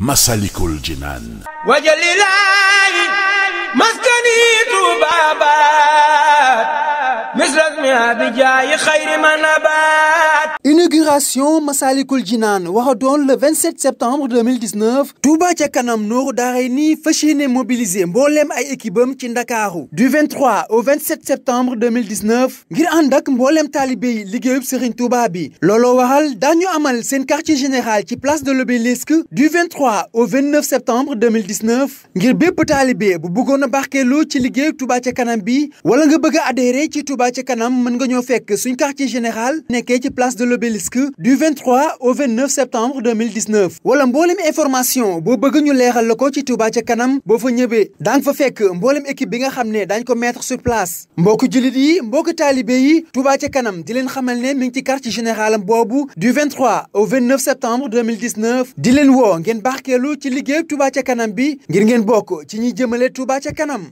Masalikul Jinaan wajalilaayi maskanitu baabaat misras mi abijaayi xayri ma nabaat inauguration Massalikul Jinaan war a doon le 27 septembre 2019 Touba ca kanam nooru daaray ni fas yéene mobiliser mbooleem ay équipe am ci Ndakaaru du 23 au 27 septembre 2019 ngir ànd ak mbooleem taalibe yi liggéeyub Serigne Touba bi looloo waral daañu amal seen quartier général ci place de l'Obélisque du 23 au 29 septembre 2019 ngir bépp taalibe bu bëggoon a barkeelu ci liggéeyub Touba ca kanam bi wala nga bëgg a adhéré ci Touba ca kanam mën nga ñoo fekk suñ quartier général nekkee ci obélisque du 23 au 29 septembre 2019 wala mboolem information boo bëgg ñu leeral la ko ci Touba ca kanam boo fa ñëwee danga fa fekk mboolem équipe bi nga xam ne daañ ko metre sur place mbokku jullit yi mbokku taalibe yi Touba ca kanam di leen xamal ne mi ngi ci quartier généralam boobu du 23 au 29 septembre 2019 di leen woo ngeen barkeelu ci liggéey Touba ca kanam bi ngir ngeen bokk ci ñi jëmale Touba ca kanam